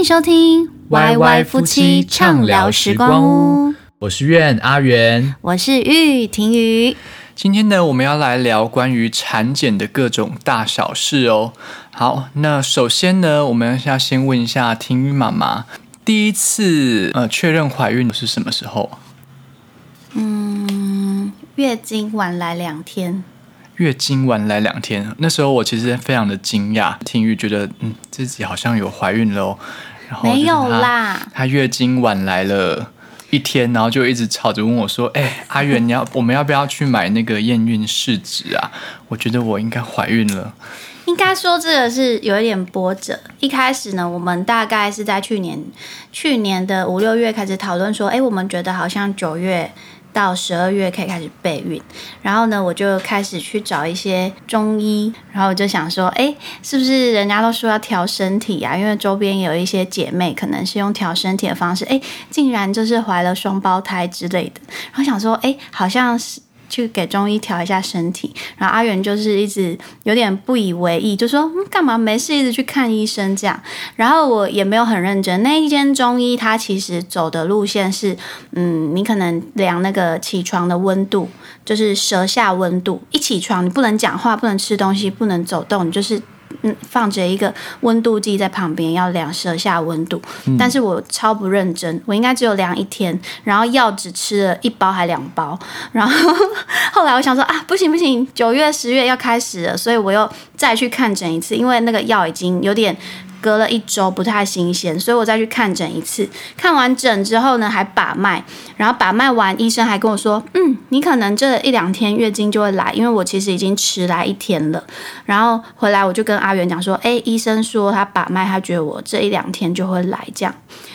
歡迎收聽 YY 夫妻暢聊時光哦。我是苑阿元，我是玉婷瑜。今天呢，我們要來聊關於產檢的各種大小事哦。好，那首先呢，我們要先問一下婷瑜媽媽，第一次呃確認懷孕的是什麼時候？嗯，月經晚來兩天，月經晚來兩天，那時候我其實非常的驚訝，婷瑜覺得嗯自己好像有懷孕嘍哦。他沒有啦，她月經晚來了一天，然後就一直吵着問我說：“哎、欸，阿元，你要我們要不要去買那個驗孕試紙啊？我覺得我應該懷孕了。”應該說這個是有一點波折。一開始呢，我們大概是在去年去年的五六月開始討論說：“哎、欸，我們覺得好像九月。”到十二月可以開始備孕，然後呢，我就開始去找一些中醫，然後我就想說，欸，是不是人家都說要調身體啊？因為周邊有一些姐妹可能是用調身體的方式，欸，竟然就是懷了雙胞胎之類的。然後想說，欸，好像是。去給中醫調一下身體，然後阿遠就是一直有點不以為意，就說，嗯，幹嘛，沒事一直去看醫生這樣，然後我也沒有很認真。那一間中醫它其實走的路線是，嗯，你可能量那個起床的溫度，就是舌下溫度，一起床你不能講話，不能吃東西，不能走動，你就是。嗯，放着一個溫度計在旁邊，要量舌下溫度。嗯、但是我超不認真，我應該只有量一天，然後藥只吃了一包還兩包。然後 後來我想說啊，不行不行，九月十月要開始了，所以我又再去看診一次，因為那個藥已經有點。隔了一週不太新鮮，所以我再去看診一次。看完診之後呢，還把脈，然後把脈完，醫生還跟我說，嗯，你可能這一兩天月經就會來，因為我其實已經遲來一天了。然後回來我就跟阿元講說，誒、欸，醫生說他把脈，他覺得我這一兩天就會來這樣，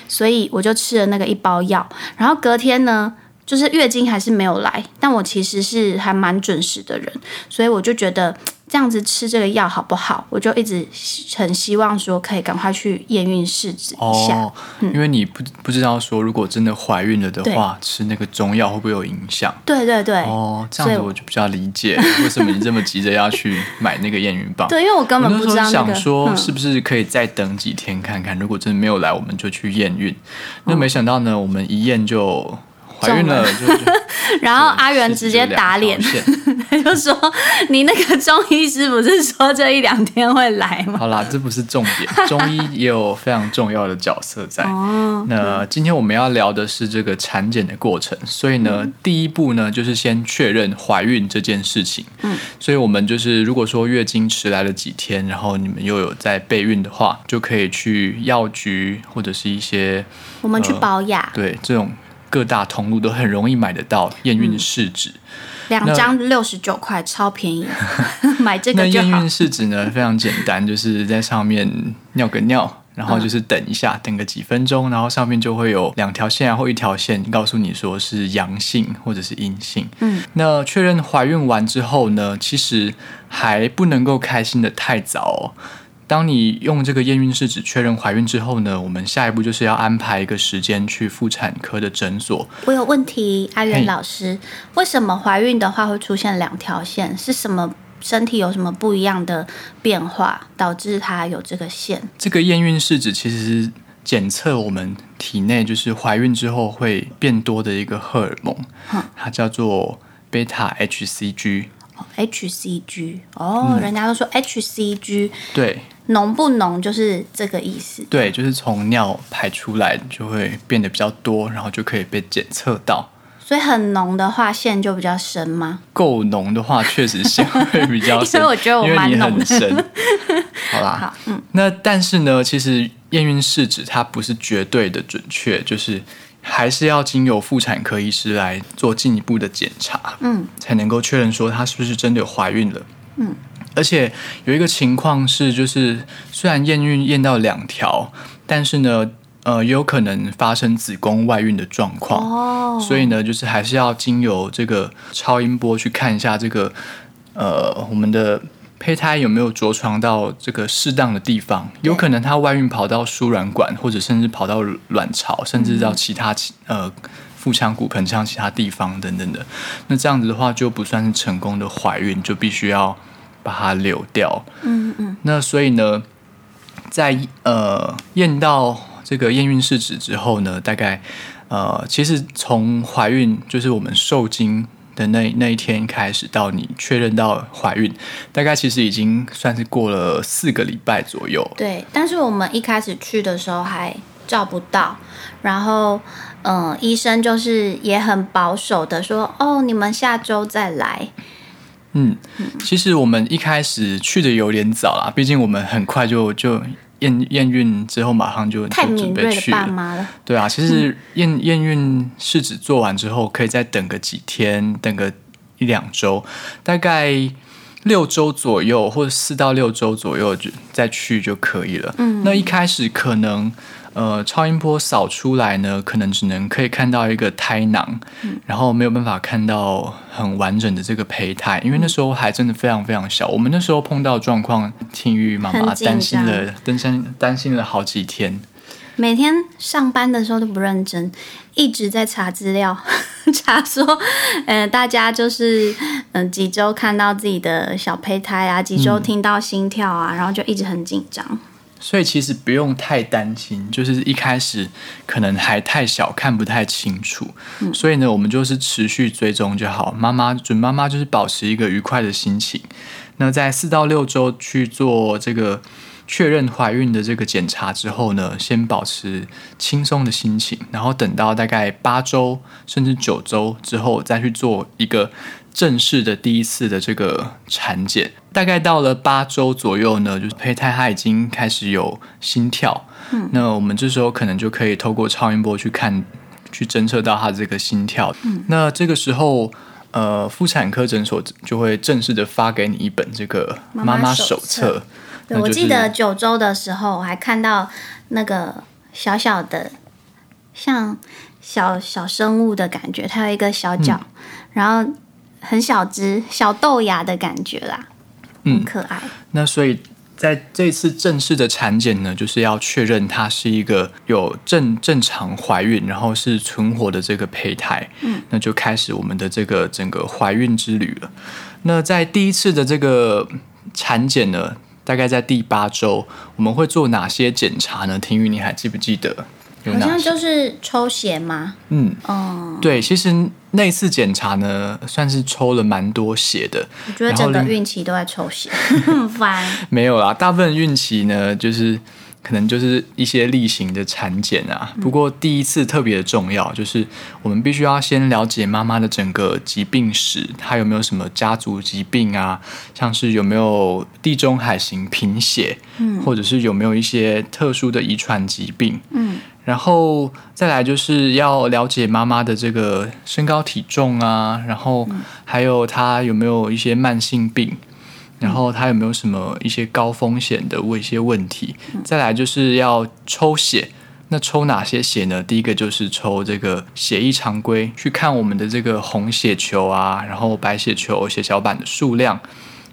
所以我就吃了那個一包藥。然後隔天呢，就是月經還是沒有來，但我其實是還蠻準時的人，所以我就覺得。這樣子吃這個藥好不好？我就一直很希望說可以趕快去驗孕試紙一下。哦，因為你不不知道說如果真的懷孕了的話，對吃那個中藥會不會有影響？對對對。哦，這樣子我就比較理解以為什麼你這麼急着要去買那個驗孕棒。對，因為我根本不知道，我想說是不是可以再等幾天看看，嗯、如果真的沒有來，我們就去驗孕。那沒想到呢，我們一驗就。懷孕了，就就 然後阿元直接打臉， 他就說：“ 你那個中醫師不是說這一兩天會來嗎？” 好啦，這不是重點，中醫也有非常重要的角色在。 那今天我們要聊的是這個產檢的過程，所以呢，嗯、第一步呢就是先確認懷孕這件事情。嗯、所以我們就是如果說月經遲來了幾天，然後你們又有在備孕的話，就可以去藥局或者是一些我們去保養、呃，對這種。各大通路都很容易買得到驗孕試紙。嗯，兩張六十九塊，超便宜， 買這個驗孕試紙呢，非常簡單，就是在上面尿個尿，然後就是等一下，等個幾分鐘，然後上面就會有兩條線或一條線，告訴你說是陽性或者是陰性。嗯，那確認懷孕完之後呢，其實還不能夠開心的太早哦。當你用這個驗孕試紙確認懷孕之後呢，我們下一步就是要安排一個時間去婦產科的診所。我有問題，阿圓老師，嘿為什麼懷孕的話會出現兩條線？是什麼身體有什麼不一樣的變化，導致它有這個線？這個驗孕試紙其實是檢測我們體內就是懷孕之後會變多的一個荷爾蒙，嗯、它叫做貝塔 hcg。hcg 哦，哦嗯、人家都說 hcg 對。濃不濃就是這個意思。對，就是從尿排出來就會變得比較多，然後就可以被檢測到。所以很濃的話線就比較深嗎？夠濃的話確實線會比較深。所以 我覺得我蠻濃的。因為你很深好啦，好。嗯，那但是呢，其實驗孕試紙它不是絕對的準確，就是還是要經由婦產科醫師來做進一步的檢查，嗯，才能夠確認說她是不是真的有懷孕了，嗯。而且有一個情況是，就是雖然驗孕驗到兩條，但是呢，呃，也有可能發生子宮外孕的狀況。哦，所以呢，就是還是要經由這個超音波去看一下這個，呃，我們的胚胎有沒有着床到這個適當的地方。有可能它外孕跑到輸卵管，或者甚至跑到卵巢，甚至到其他其呃腹腔、骨盆腔其他地方等等的。那這樣子的話，就不算是成功的懷孕，就必須要。把它流掉。嗯嗯，那所以呢，在呃驗到這個驗孕試紙之後呢，大概呃其實從懷孕就是我們受精的那那一天開始，到你確認到懷孕，大概其實已經算是過了四個禮拜左右。對，但是我們一開始去的時候還照不到，然後嗯、呃，醫生就是也很保守的說，哦，你們下周再來。嗯，其實我們一開始去的有點早啦，畢竟我們很快就就驗驗孕之後馬上就，就準備去了。對啊，其實驗驗孕試紙做完之後，可以再等個幾天，等個一兩週，大概六週左右或者四到六週左右就再去就可以了。嗯，那一開始可能。呃，超音波掃出來呢，可能只能可以看到一個胎囊，嗯、然後沒有辦法看到很完整的這個胚胎，因為那時候還真的非常非常小。我們那時候碰到狀況，聽玉玉媽媽擔心了，登山擔心了好幾天。每天上班的時候都不認真，一直在查資料，查說，呃、大家就是，嗯、呃，幾周看到自己的小胚胎啊，幾周聽到心跳啊，嗯、然後就一直很緊張。所以其實不用太擔心，就是一開始可能還太小，看不太清楚。嗯。所以呢，我們就是持續追蹤就好。媽媽、準媽媽就是保持一個愉快的心情。那在四到六周去做這個確認懷孕的這個檢查之後呢，先保持輕鬆的心情，然後等到大概八周甚至九周之後再去做一個。正式的第一次的這個產檢，大概到了八周左右呢，就是胚胎它已經開始有心跳。嗯，那我們這時候可能就可以透過超音波去看，去偵測到它這個心跳。嗯，那這個時候，呃，婦產科診所就會正式的發給你一本這個媽媽手冊。對，我記得九周的時候，我還看到那個小小的像小小生物的感覺，它有一個小腳，嗯、然後。很小隻小豆芽的感覺啦，嗯，很可愛，嗯。那所以在這次正式的產檢呢，就是要確認它是一個有正正常懷孕，然後是存活的這個胚胎。嗯，那就開始我們的這個整個懷孕之旅了。那在第一次的這個產檢呢，大概在第八周，我們會做哪些檢查呢？婷玉，你還記不記得有？好像就是抽血嗎？嗯，哦，嗯，對，其實。那次檢查呢，算是抽了蠻多血的。我覺得整個孕期都在抽血，很煩。然後。 沒有啦，大部分孕期呢，就是可能就是一些例行的產檢啊。嗯。不過第一次特別的重要，就是我們必須要先了解媽媽的整個疾病史，她有沒有什麼家族疾病啊？像是有沒有地中海型貧血，嗯，或者是有沒有一些特殊的遺傳疾病，嗯。然後再來就是要了解媽媽的這個身高體重啊，然後還有她有沒有一些慢性病，然後她有沒有什麼一些高風險的問一些問題。再來就是要抽血，那抽哪些血呢？第一個就是抽這個血液常規，去看我們的這個紅血球啊，然後白血球、血小板的數量。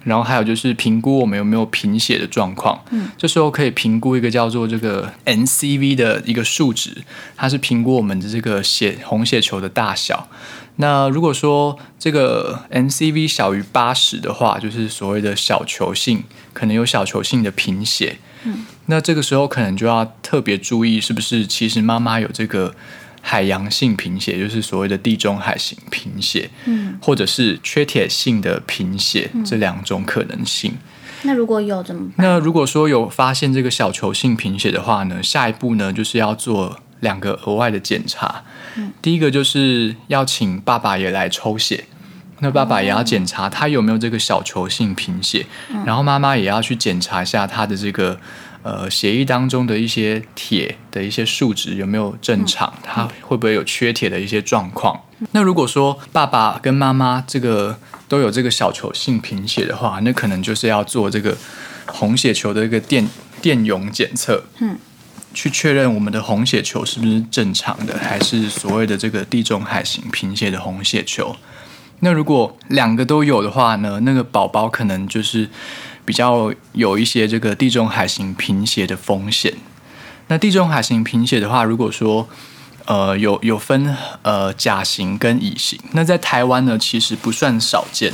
然後還有就是評估我們有沒有貧血的狀況，嗯、這時候可以評估一個叫做這個 MCV 的一個數值，它是評估我們的這個血紅血球的大小。那如果說這個 MCV 小於八十的話，就是所謂的小球性，可能有小球性的貧血。嗯、那這個時候可能就要特別注意，是不是其實媽媽有這個。海洋性貧血就是所謂的地中海型貧血，嗯，或者是缺鐵性的貧血，嗯，這兩種可能性。那如果有怎麼辦？那如果說有發現這個小球性貧血的話呢，下一步呢就是要做兩個額外的檢查。嗯，第一個就是要請爸爸也來抽血，那爸爸也要檢查他有沒有這個小球性貧血，嗯，然後媽媽也要去檢查一下他的這個。呃，血液當中的一些鐵的一些數值有沒有正常？嗯，它會不會有缺鐵的一些狀況？嗯，那如果說爸爸跟媽媽這個都有這個小球性貧血的話，那可能就是要做這個紅血球的一個電電泳檢測，嗯，去確認我們的紅血球是不是正常的，還是所謂的這個地中海型貧血的紅血球？那如果兩個都有的話呢？那個寶寶可能就是。比較有一些這個地中海型貧血的風險。那地中海型貧血的話，如果說，呃，有有分呃甲型跟乙型。那在台灣呢，其實不算少見。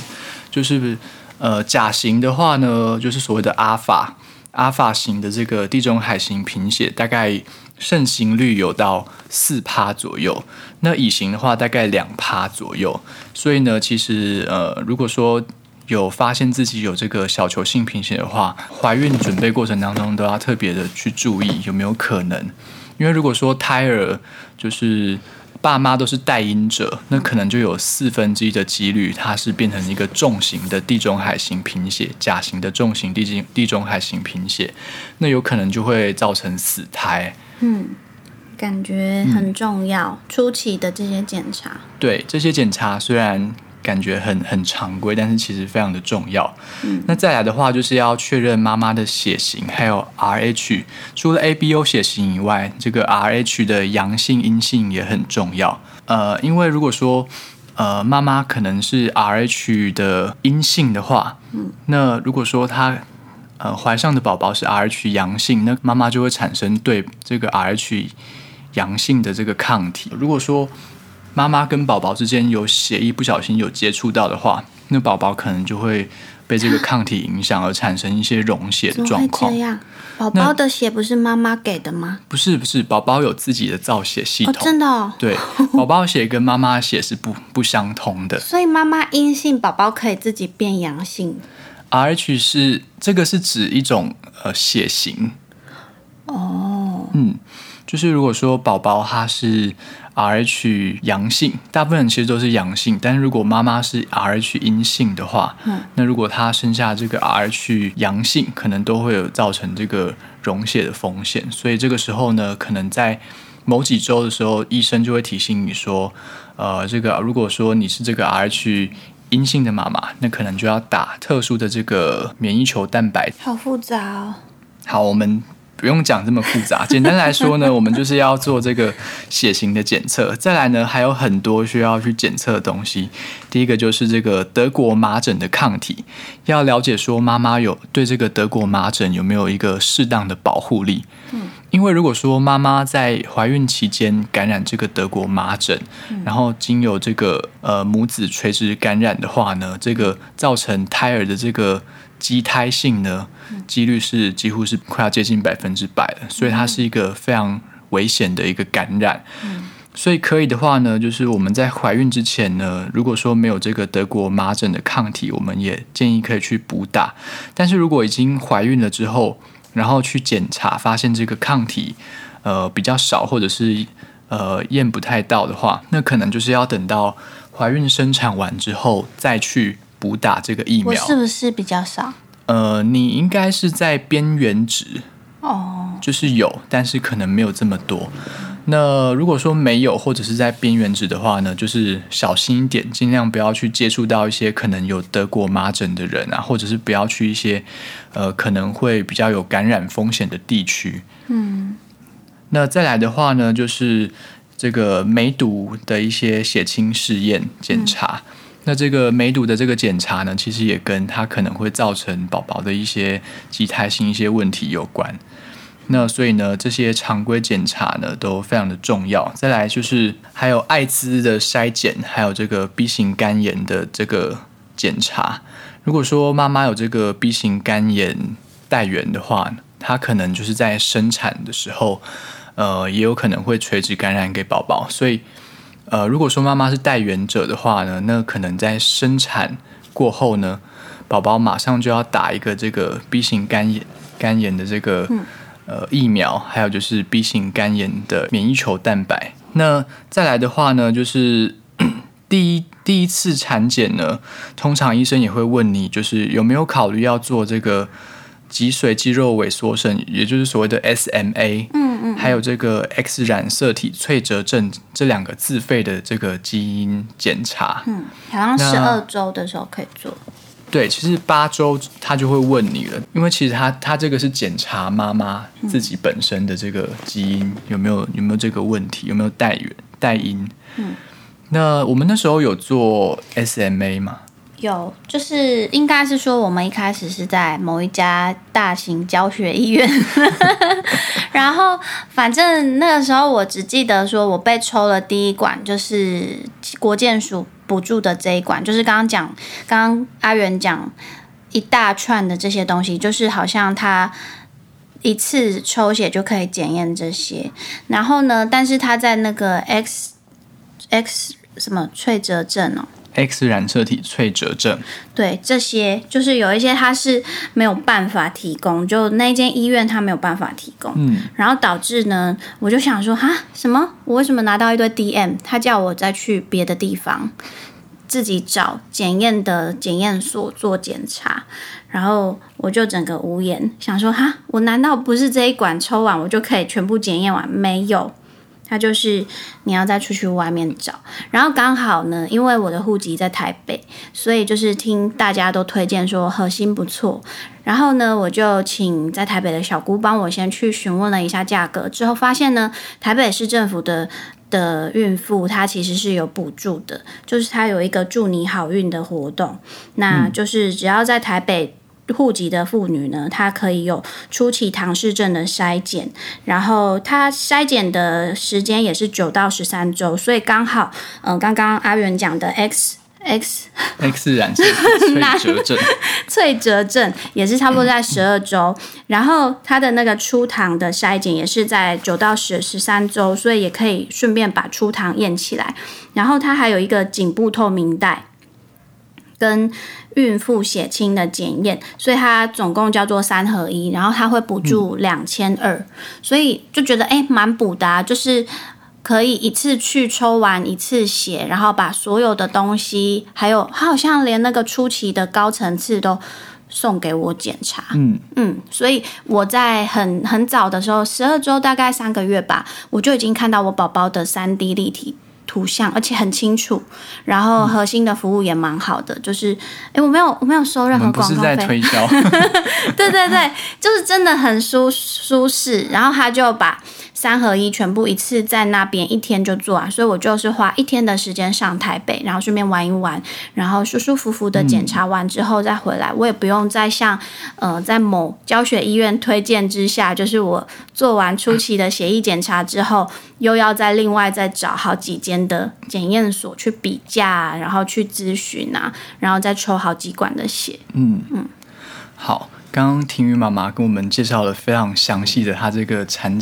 就是呃甲型的話呢，就是所謂的阿法阿法型的這個地中海型貧血，大概盛行率有到四趴左右。那乙型的話，大概兩趴左右。所以呢，其實呃，如果說有發現自己有這個小球性貧血的話，懷孕準備過程當中都要特別的去注意有沒有可能。因為如果說胎兒就是爸媽都是帶因者，那可能就有四分之一的幾率它，是變成一個重型的地中海型貧血，甲型的重型地地中海型貧血，那有可能就會造成死胎。嗯，感覺很重要，嗯、初期的這些檢查，對，這些檢查雖然感覺很很常規，但是其實非常的重要。那再來的話，就是要確認媽媽的血型，還有 RH。除了 ABO 血型以外，這個 RH 的陽性、陰性也很重要。呃，因為如果說呃媽媽可能是 RH 的陰性的話，那如果說她呃懷上的寶寶是 RH 陽性，那媽媽就會產生對這個 RH 陽性的這個抗體。如果說媽媽跟寶寶之間有血，一不小心有接觸到的話，那寶寶可能就會被這個抗體影響而產生一些溶血的狀況。啊、這樣，寶寶的血不是媽媽給的嗎？不是，不是，寶寶有自己的造血系統。哦、真的、哦？對，寶寶的血跟媽媽的血是不不相通的。 所以媽媽陰性，寶寶可以自己變陽性。R H 是這個是指一種呃血型哦。嗯，就是如果說寶寶他是。Rh 陽性，大部分其實都是陽性。但是如果媽媽是 Rh 陰性的話，嗯，那如果她生下這個 Rh 陽性，可能都會有造成這個溶血的風險。所以這個時候呢，可能在某幾周的時候，醫生就會提醒你說，呃，這個如果說你是這個 Rh 陰性的媽媽，那可能就要打特殊的這個免疫球蛋白。好複雜哦。好，我們。不用講這麼複雜，簡單來說呢，我們就是要做這個血型的檢測。再來呢，還有很多需要去檢測的東西。第一個就是這個德國麻疹的抗體，要了解說媽媽有對這個德國麻疹有沒有一個適當的保護力。嗯，因為如果說媽媽在懷孕期間感染這個德國麻疹，然後經由這個呃母子垂直感染的話呢，這個造成胎兒的這個。畸胎性呢，幾率是幾乎是快要接近百分之百了，所以它是一個非常危險的一個感染。嗯。所以可以的話呢，就是我們在懷孕之前呢，如果說沒有這個德國麻疹的抗體，我們也建議可以去補打。但是如果已經懷孕了之後，然後去檢查發現這個抗體，呃，比較少或者是呃驗不太到的話，那可能就是要等到懷孕生產完之後再去。補打這個疫苗，我是不是比較少？呃，你應該是在邊緣值，哦，就是有，但是可能沒有這麼多。那如果說沒有，或者是在邊緣值的話呢，就是小心一點，盡量不要去接觸到一些可能有德國麻疹的人啊，或者是不要去一些呃可能會比較有感染風險的地區。嗯，那再來的話呢，就是這個梅毒的一些血清試驗檢查。嗯那這個梅毒的這個檢查呢，其實也跟它可能會造成寶寶的一些畸胎性一些問題有關。那所以呢，這些常規檢查呢都非常的重要。再來就是還有艾滋的篩檢，還有這個 B 型肝炎的這個檢查。如果說媽媽有這個 B 型肝炎帶源的話，她可能就是在生產的時候，呃，也有可能會垂直感染給寶寶，所以。呃，如果說媽媽是帶原者的話呢，那可能在生產過後呢，寶寶馬上就要打一個這個 B 型肝炎肝炎的這個呃疫苗，還有就是 B 型肝炎的免疫球蛋白。那再來的話呢，就是第一第一次產檢呢，通常醫生也會問你，就是有沒有考慮要做這個。脊髓肌肉萎縮症，也就是所謂的 SMA，嗯嗯，嗯還有這個 X 染色體脆折症這兩個自費的這個基因檢查，嗯，好像十二週的時候可以做，對，其實八週他就會問你了，因為其實他他這個是檢查媽媽自己本身的這個基因，嗯，有沒有有沒有這個問題，有沒有帶原帶因，嗯，那我們那時候有做 SMA 嗎？有，就是應該是說，我們一開始是在某一家大型教學醫院， 然後反正那個時候我只記得說我被抽了第一管，就是國健署補助的這一管，就是剛剛講，剛剛阿元講一大串的這些東西，就是好像他一次抽血就可以檢驗這些，然後呢，但是他在那個 X X 什麼脆折症哦。X 染色體脆折症，對，這些就是有一些他是沒有辦法提供，就那間醫院他沒有辦法提供，嗯，然後導致呢，我就想說哈，什麼？我為什麼拿到一堆 DM？他叫我再去別的地方自己找檢驗的檢驗所做檢查，然後我就整個無言，想說哈，我難道不是這一管抽完我就可以全部檢驗完？沒有。他就是你要再出去外面找，然後剛好呢，因為我的戶籍在台北，所以就是聽大家都推薦說禾馨不錯，然後呢，我就請在台北的小姑幫我先去詢問了一下價格，之後發現呢，台北市政府的的孕婦她其實是有補助的，就是她有一個助妳好孕的活動，那就是只要在台北。戶籍的婦女呢，她可以有初期唐氏症的篩檢，然後她篩檢的時間也是九到十三週，所以剛好，嗯、呃，剛剛阿元講的 X X X 染色體、哦、脆、脆折症， 脆折症也是差不多在十二週，嗯、然後她的那個初唐的篩檢也是在九到十十三週，所以也可以順便把初唐驗起來，然後她還有一個頸部透明帶跟。孕婦血清的檢驗，所以它總共叫做三合一，然後它會補助兩千二，嗯，所以就覺得哎蠻補的，啊，就是可以一次去抽完一次血，然後把所有的東西，還有它好像連那個初期的高層次都送給我檢查，嗯嗯，所以我在很很早的時候，十二周大概三個月吧，我就已經看到我寶寶的三 D 立體。圖像，而且很清楚，然後核心的服務也蠻好的，嗯、就是，哎、欸，我沒有，我沒有收任何廣告費。不是在推銷。 對對對，就是真的很舒舒適，然後他就把。三合一全部一次在那邊一天就做完，所以我就是花一天的時間上台北，然後順便玩一玩，然後舒舒服服的檢查完之後再回來，嗯、我也不用再像，呃，在某教學醫院推薦之下，就是我做完初期的血液檢查之後，啊、又要再另外再找好幾間的檢驗所去比價，然後去諮詢啊，然後再抽好幾管的血。嗯嗯，嗯，好。剛剛婷雨媽媽跟我們介紹了非常詳細的她這個產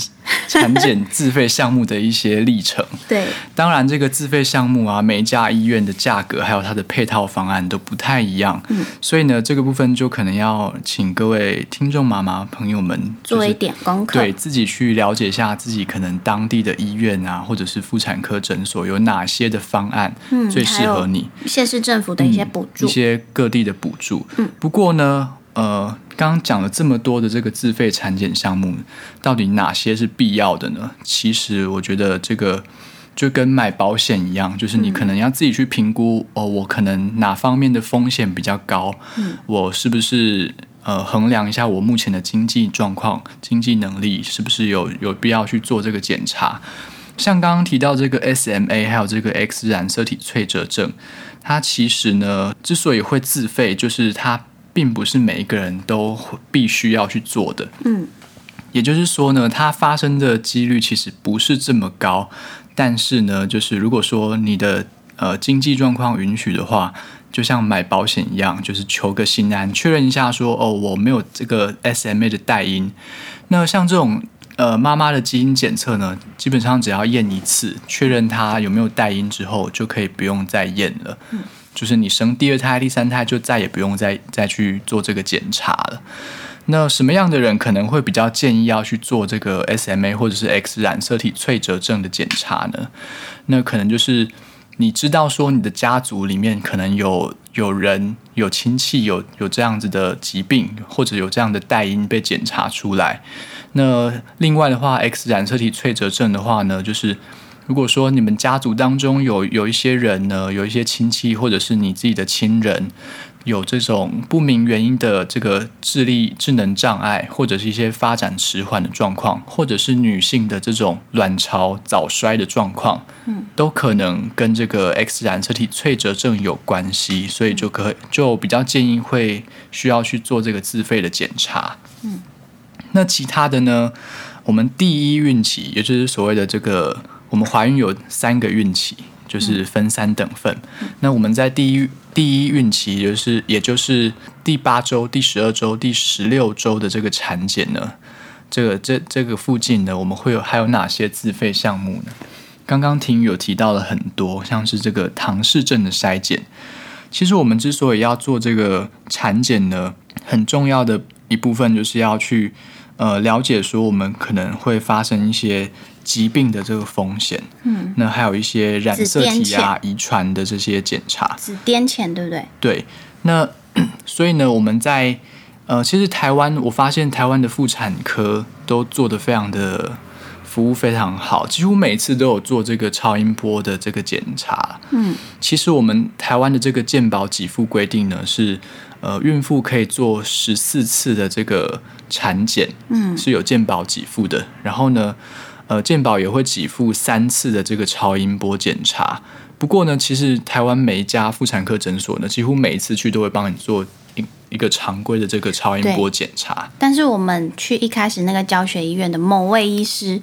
產檢自費項目的一些歷程。 對，當然這個自費項目啊，每一家醫院的價格還有它的配套方案都不太一樣。嗯，所以呢，這個部分就可能要請各位聽眾媽媽朋友們、就是、做一點功課，對自己去了解一下自己可能當地的醫院啊，或者是婦產科診所有哪些的方案最適合你。嗯，還有縣市政府的一些補助、嗯，一些各地的補助。嗯，不過呢。呃，剛剛講了這麼多的這個自費產檢項目，到底哪些是必要的呢？其實我覺得這個就跟買保險一樣，就是你可能要自己去評估哦，我可能哪方面的風險比較高，嗯，我是不是呃衡量一下我目前的經濟狀況、經濟能力，是不是有有必要去做這個檢查？像剛剛提到這個 SMA 還有這個 X 染色體脆折症，它其實呢之所以會自費，就是它。並不是每一個人都必須要去做的。嗯，也就是說呢，它發生的幾率其實不是這麼高。但是呢，就是如果說你的呃經濟狀況允許的話，就像買保險一樣，就是求個心安，確認一下說哦，我沒有這個 SMA 的帶因。那像這種呃媽媽的基因檢測呢，基本上只要驗一次，確認它有沒有帶因之後，就可以不用再驗了。嗯。就是你生第二胎、第三胎，就再也不用再再去做這個檢查了。那什麼樣的人可能會比較建議要去做這個 SMA 或者是 X 染色體脆折症的檢查呢？那可能就是你知道說你的家族裡面可能有有人、有親戚有、有有這樣子的疾病，或者有這樣的帶因被檢查出來。那另外的話，X 染色體脆折症的話呢，就是。如果說你們家族當中有有一些人呢，有一些親戚或者是你自己的親人，有這種不明原因的這個智力智能障礙，或者是一些發展遲緩的狀況，或者是女性的這種卵巢早衰的狀況，嗯，都可能跟這個 X 染色體脆折症，有關係，所以就可以就比較建議會需要去做這個自費的檢查，嗯，那其他的呢，我們第一孕期也就是所謂的這個。我們懷孕有三個孕期，就是分三等份。那我們在第一第一孕期，就是也就是第八週、第十二週、第十六週的這個產檢呢，這個這這個附近呢，我們會有還有哪些自費項目呢？剛剛婷有提到了很多，像是這個唐氏症的篩檢。其實我們之所以要做這個產檢呢，很重要的一部分就是要去。呃，了解說我們可能會發生一些疾病的這個風險，嗯，那還有一些染色體啊、癲遺傳的這些檢查，子癲前症，對不對？對，那 所以呢，我們在呃，其實台灣我發現台灣的婦產科都做得非常的服務非常好，幾乎每次都有做這個超音波的這個檢查，嗯，其實我們台灣的這個健保給付規定呢是。呃，孕婦可以做十四次的這個產檢，嗯，是有健保給付的。然後呢，呃，健保也會給付三次的這個超音波檢查。不過呢，其實台灣每一家婦產科診所呢，幾乎每一次去都會幫你做一一個常規的這個超音波檢查。但是我們去一開始那個教學醫院的某位醫師。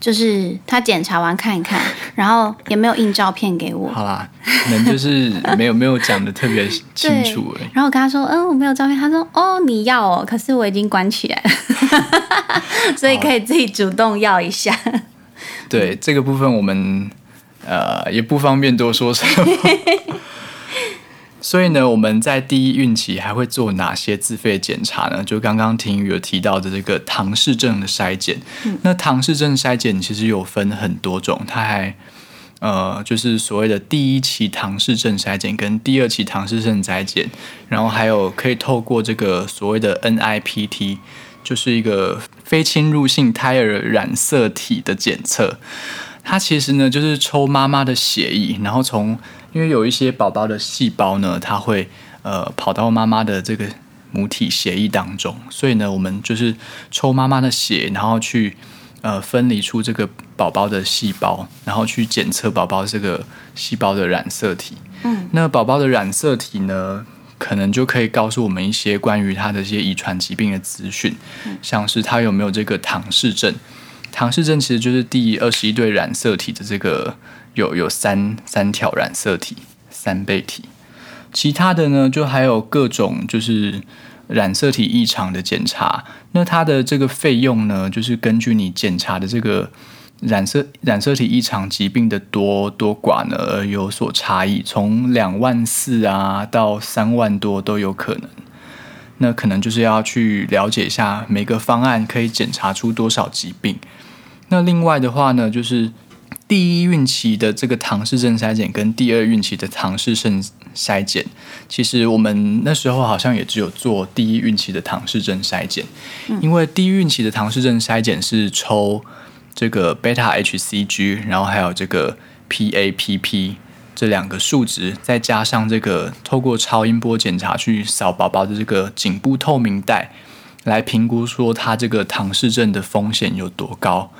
就是他檢查完看一看，然後也沒有印照片給我。好啦，可能就是沒有 沒有講得特別清楚。然後我跟他說：“嗯，我沒有照片。”他說：“哦，你要哦，可是我已經關起來了， 所以可以自己主動要一下。哦”對這個部分，我們呃也不方便多說什麼。 所以呢，我們在第一孕期還會做哪些自費檢查呢？就剛剛婷宇有提到的這個唐氏症的篩檢。嗯、那唐氏症篩檢其實有分很多種，它還呃就是所謂的第一期唐氏症篩檢跟第二期唐氏症篩檢，然後還有可以透過這個所謂的 NIPT，就是一個非侵入性胎兒染色體的檢測。它其實呢就是抽媽媽的血液，然後從。因為有一些寶寶的細胞呢，它會呃跑到媽媽的這個母體血液當中，所以呢，我們就是抽媽媽的血，然後去呃分離出這個寶寶的細胞，然後去檢測寶寶這個細胞的染色體。嗯，那寶寶的染色體呢，可能就可以告訴我們一些關於他的一些遺傳疾病的資訊，像是他有沒有這個唐氏症。唐氏症其實就是第二十一對染色體的這個。有有三三條染色體三倍體，其他的呢，就還有各種就是染色體異常的檢查。那它的這個費用呢，就是根據你檢查的這個染色染色體異常疾病的多多寡呢而有所差異，從兩萬四啊到三萬多都有可能。那可能就是要去了解一下每個方案可以檢查出多少疾病。那另外的話呢，就是。第一孕期的這個唐氏症篩檢跟第二孕期的唐氏症篩檢，其實我們那時候好像也只有做第一孕期的唐氏症篩檢。嗯、因為第一孕期的唐氏症篩檢是抽這個 Beta HCG，然後還有這個 PAPP 這兩個數值，再加上這個透過超音波檢查去掃寶寶的這個頸部透明帶，來評估說他這個唐氏症的風險有多高。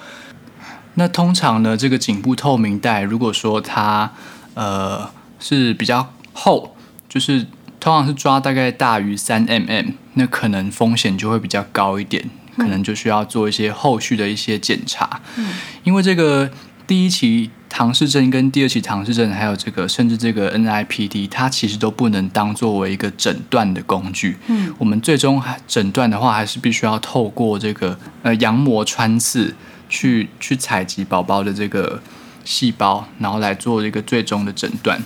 那通常呢，這個頸部透明帶，如果說它，呃，是比較厚，就是通常是抓大概大於三 mm，那可能風險就會比較高一點，可能就需要做一些後續的一些檢查。嗯，因為這個第一期唐氏症跟第二期唐氏症，還有這個甚至這個 NIPD，它其實都不能當作為一個診斷的工具。嗯，我們最終診斷的話，還是必須要透過這個呃羊膜穿刺。去去採集寶寶的這個細胞，然後來做一個最終的診斷。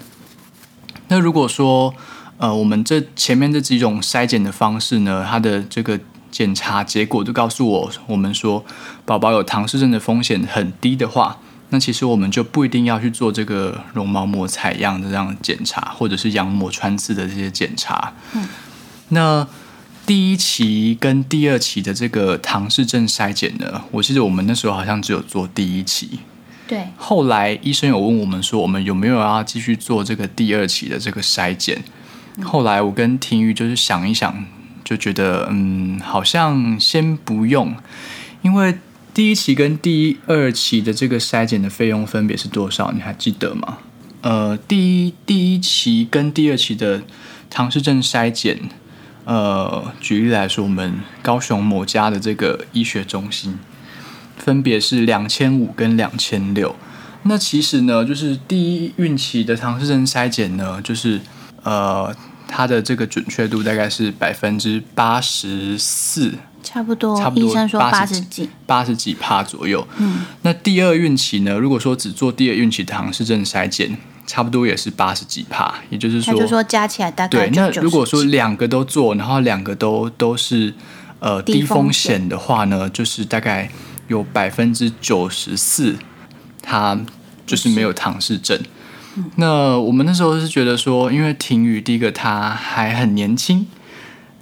那如果說，呃，我們這前面這幾種篩檢的方式呢，它的這個檢查結果都告訴我，我們說寶寶有唐氏症的風險很低的話，那其實我們就不一定要去做這個絨毛膜採樣的這樣的檢查，或者是羊膜穿刺的這些檢查。嗯。那。第一期跟第二期的這個唐氏症篩檢呢，我記得我們那時候好像只有做第一期。對。後來醫生有問我們說，我們有沒有要繼續做這個第二期的這個篩檢？嗯、後來我跟廷玉就是想一想，就覺得嗯，好像先不用，因為第一期跟第一二期的這個篩檢的費用分別是多少？你還記得嗎？呃，第一第一期跟第二期的唐氏症篩檢。呃，舉例來說，我們高雄某家的這個醫學中心，分別是兩千五跟兩千六。那其實呢，就是第一孕期的唐氏症篩檢呢，就是呃，它的這個準確度大概是百分之八十四，差不多，差不多八十幾，八十幾帕左右。嗯，那第二孕期呢，如果說只做第二孕期的唐氏症篩檢。差不多也是八十幾趴，也就是說，就是說加起來大概對。那如果說兩個都做，然後兩個都都是呃低風險的話呢，就是大概有百分之九十四，他就是沒有唐氏症。是那我們那時候是覺得說，因為婷雨第一個他還很年輕，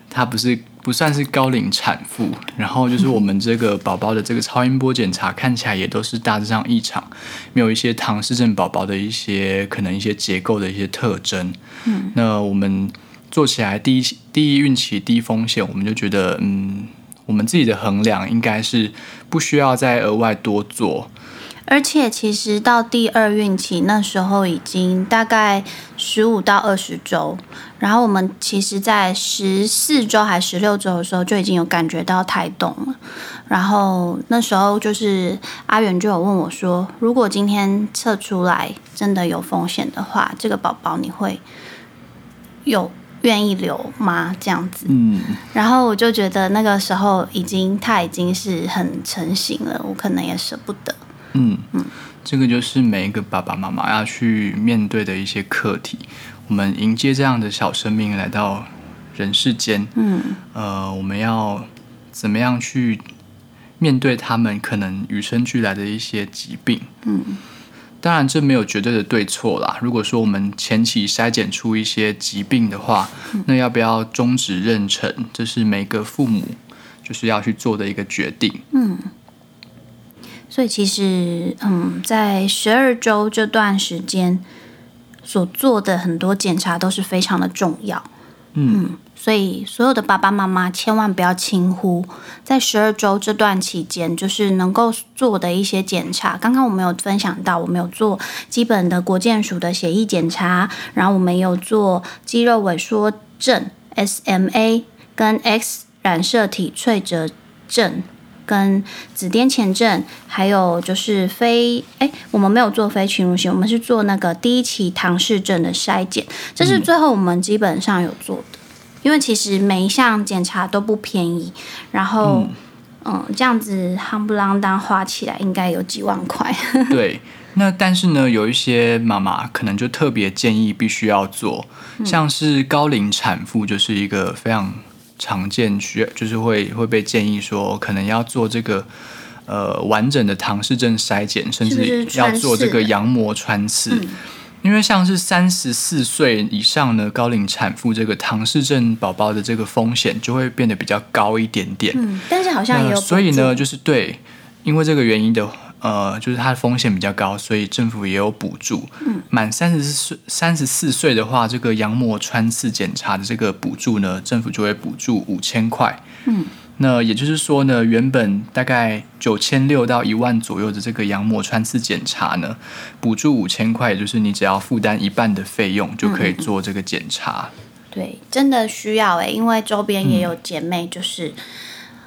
他不是。不算是高齡產婦，然後就是我們這個寶寶的這個超音波檢查看起來也都是大致上異常，沒有一些唐氏症寶寶的一些可能一些結構的一些特徵。嗯，那我們做起來第一第一孕期低風險，我們就覺得嗯，我們自己的衡量應該是不需要再額外多做。而且其實到第二孕期那時候已經大概十五到二十周，然後我們其實，在十四周還十六周的時候就已經有感覺到胎動了。然後那時候就是阿遠就有問我說：“如果今天測出來真的有風險的話，這個寶寶你會有願意留嗎？”這樣子。嗯。然後我就覺得那個時候已經他已經是很成型了，我可能也舍不得。嗯，嗯，這個就是每一個爸爸媽媽要去面對的一些課題。我們迎接這樣的小生命來到人世間，嗯，呃，我們要怎麼樣去面對他們可能與生俱來的一些疾病？嗯，當然這沒有絕對的對錯啦。如果說我們前期篩檢出一些疾病的話，嗯、那要不要終止妊娠？這是每個父母就是要去做的一個決定。嗯。所以其實，嗯，在十二周這段時間所做的很多檢查都是非常的重要，嗯，嗯，所以所有的爸爸媽媽千萬不要輕忽，在十二周這段期間，就是能夠做的一些檢查。剛剛我們有分享到，我們有做基本的國健署的血液檢查，然後我們有做肌肉萎縮症 （SMA） 跟 X 染色體脆折症。跟子癲前症，還有就是非，哎，我們沒有做非侵入性，我們是做那個第一期唐氏症的篩檢，這是最後我們基本上有做的。嗯、因為其實每一項檢查都不便宜，然後嗯，嗯，這樣子夯不啷當花起來應該有幾萬塊。對，那但是呢，有一些媽媽可能就特別建議必須要做，嗯、像是高齡產婦就是一個非常。常見需就是會會被建議說，可能要做這個，呃，完整的唐氏症篩檢，甚至要做這個羊膜穿刺，是是穿因為像是三十四歲以上的高齡產婦，這個唐氏症寶寶的這個風險就會變得比較高一點點。嗯，但是好像有，所以呢，就是對，因為這個原因的。呃，就是它的風險比較高，所以政府也有補助。嗯，滿三十四三十四歲的話，這個羊膜穿刺檢查的這個補助呢，政府就會補助五千塊。嗯，那也就是說呢，原本大概九千六到一萬左右的這個羊膜穿刺檢查呢，補助五千塊，也就是你只要負擔一半的費用就可以做這個檢查、嗯。對，真的需要哎、欸，因為周邊也有姐妹就是、嗯。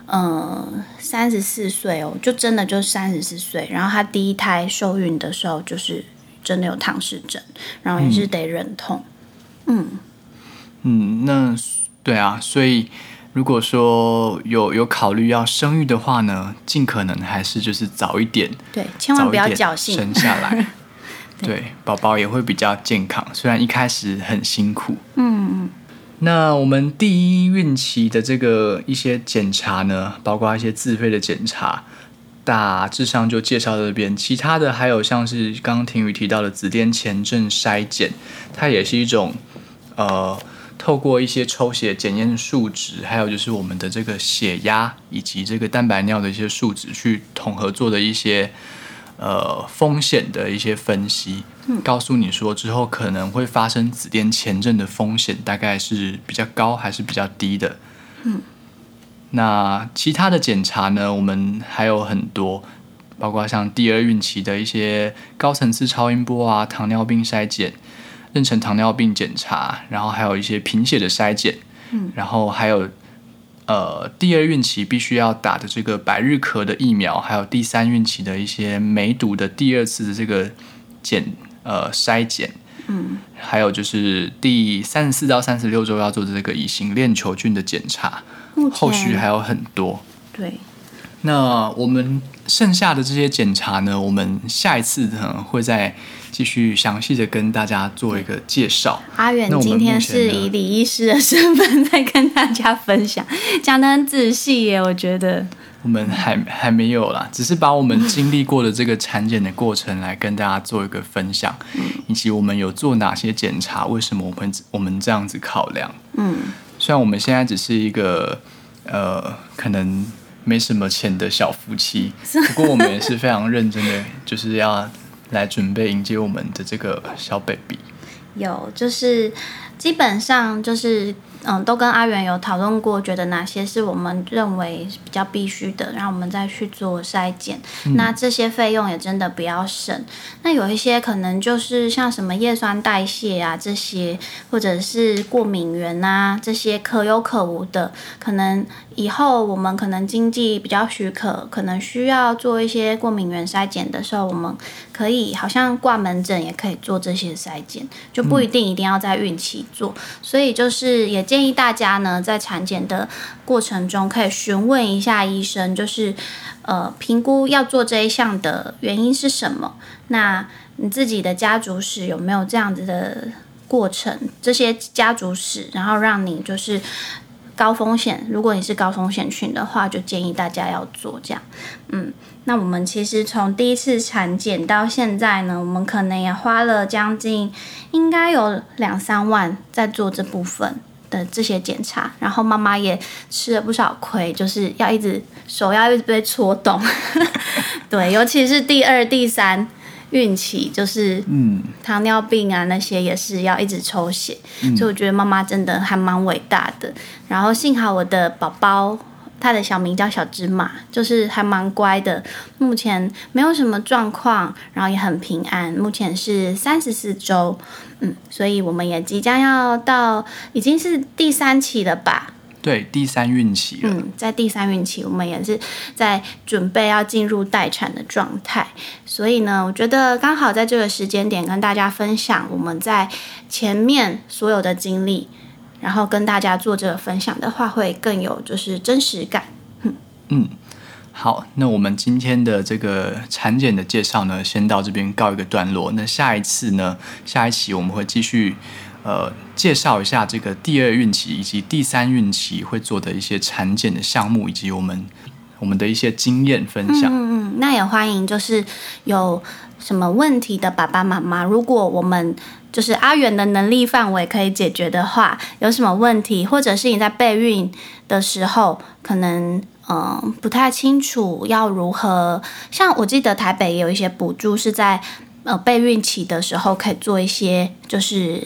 嗯，三十四歲哦，就真的就三十四歲。然後她第一胎受孕的時候，就是真的有唐氏症，然後也是得忍痛。嗯嗯，嗯，嗯，那對啊，所以如果說有有考慮要生育的話呢，盡可能還是就是早一點，對，千萬不要僥幸生下來， 對，對，寶寶也會比較健康。雖然一開始很辛苦，嗯嗯。那我們第一孕期的這個一些檢查呢，包括一些自費的檢查，大致上就介紹這邊。其他的還有像是剛剛婷宇提到的子癲前症篩檢，它也是一種，呃，透過一些抽血檢驗數值，還有就是我們的這個血壓以及這個蛋白尿的一些數值去統合做的一些。呃，風險的一些分析，嗯、告訴你說之後可能會發生子癇前症的風險大概是比較高還是比較低的。嗯，那其他的檢查呢？我們還有很多，包括像第二孕期的一些高層次超音波啊，糖尿病篩檢、妊娠糖尿病檢查，然後還有一些貧血的篩檢，嗯，然後還有。呃，第二孕期必須要打的這個百日咳的疫苗，還有第三孕期的一些梅毒的第二次的這個檢，呃，篩檢，嗯，還有就是第三十四到三十六週要做的這個乙型鏈球菌的檢查，前後續還有很多，對。那我們剩下的這些檢查呢？我們下一次可能會再繼續詳細的跟大家做一個介紹。阿遠，今天是以李醫師的身份在跟大家分享，講得很仔細耶。我覺得我們還還沒有啦，只是把我們經歷過的這個產檢的過程來跟大家做一個分享，嗯、以及我們有做哪些檢查，為什麼我們我們這樣子考量。嗯，雖然我們現在只是一個呃，可能。沒什麼錢的小夫妻，不過我們也是非常認真的，就是要來準備迎接我們的這個小 baby。 有，就是基本上就是嗯，都跟阿元有討論過，覺得哪些是我們認為比較必須的，讓我們再去做篩檢。嗯、那這些費用也真的不要省。那有一些可能就是像什麼葉酸代謝啊這些，或者是過敏源啊這些可有可無的，可能。以後我們可能經濟比較許可，可能需要做一些過敏原篩檢的時候，我們可以好像掛門診也可以做這些篩檢，就不一定一定要在孕期做。嗯、所以就是也建議大家呢，在產檢的過程中可以詢問一下醫生，就是呃評估要做這一項的原因是什麼？那你自己的家族史有沒有這樣子的過程，這些家族史，然後讓你就是。高風險，如果你是高風險群的話，就建議大家要做這樣。嗯，那我們其實從第一次產檢到現在呢，我們可能也花了將近應該有兩三萬在做這部分的這些檢查，然後媽媽也吃了不少虧，就是要一直手要一直被戳動， 對，尤其是第二、第三。孕期就是嗯，糖尿病啊，那些也是要一直抽血，嗯、所以我覺得媽媽真的還蠻偉大的。然後幸好我的寶寶他的小名叫小芝麻，就是還蠻乖的，目前沒有什麼狀況，然後也很平安。目前是三十四週，嗯，所以我們也即將要到已經是第三期了吧。對，第三孕期了，嗯，在第三孕期，我們也是在準備要進入待產的狀態，所以呢，我覺得剛好在這個時間點跟大家分享我們在前面所有的經歷，然後跟大家做這個分享的話，會更有就是真實感。嗯，嗯，好，那我們今天的這個產檢的介紹呢，先到這邊告一個段落。那下一次呢，下一期我們會繼續。呃，介紹一下這個第二孕期以及第三孕期會做的一些產檢的項目，以及我們我們的一些經驗分享。嗯嗯，那也歡迎，就是有什麼問題的爸爸媽媽，如果我們就是阿遠的能力範圍可以解決的話，有什麼問題，或者是你在備孕的時候，可能嗯、呃、不太清楚要如何，像我記得台北也有一些補助是在呃備孕期的時候可以做一些，就是。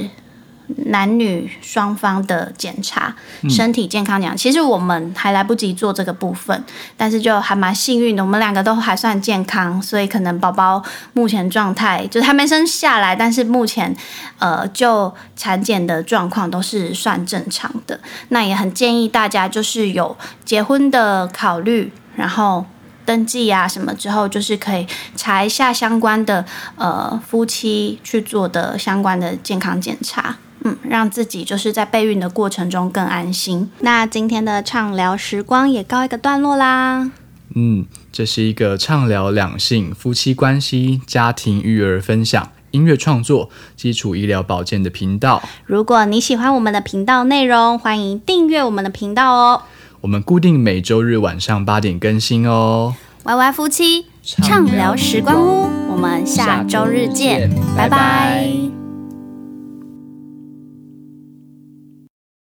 男女雙方的檢查，身體健康這、嗯、其實我們還來不及做這個部分，但是就還蠻幸運的，我們兩個都還算健康，所以可能寶寶目前狀態就是他沒生下來，但是目前，呃，就產檢的狀況都是算正常的。那也很建議大家就是有結婚的考慮，然後登記啊什麼之後，就是可以查一下相關的，呃，夫妻去做的相關的健康檢查。嗯，讓自己就是在備孕的過程中更安心。那今天的暢聊時光也告一個段落啦。嗯，這是一個暢聊兩性、夫妻關係、家庭育兒分享、音樂創作、基礎醫療保健的頻道。如果你喜歡我們的頻道內容，歡迎訂閱我們的頻道哦。我們固定每週日晚上八點更新哦。YY 夫妻暢聊時光屋，我們下週日見，日見拜拜。拜拜。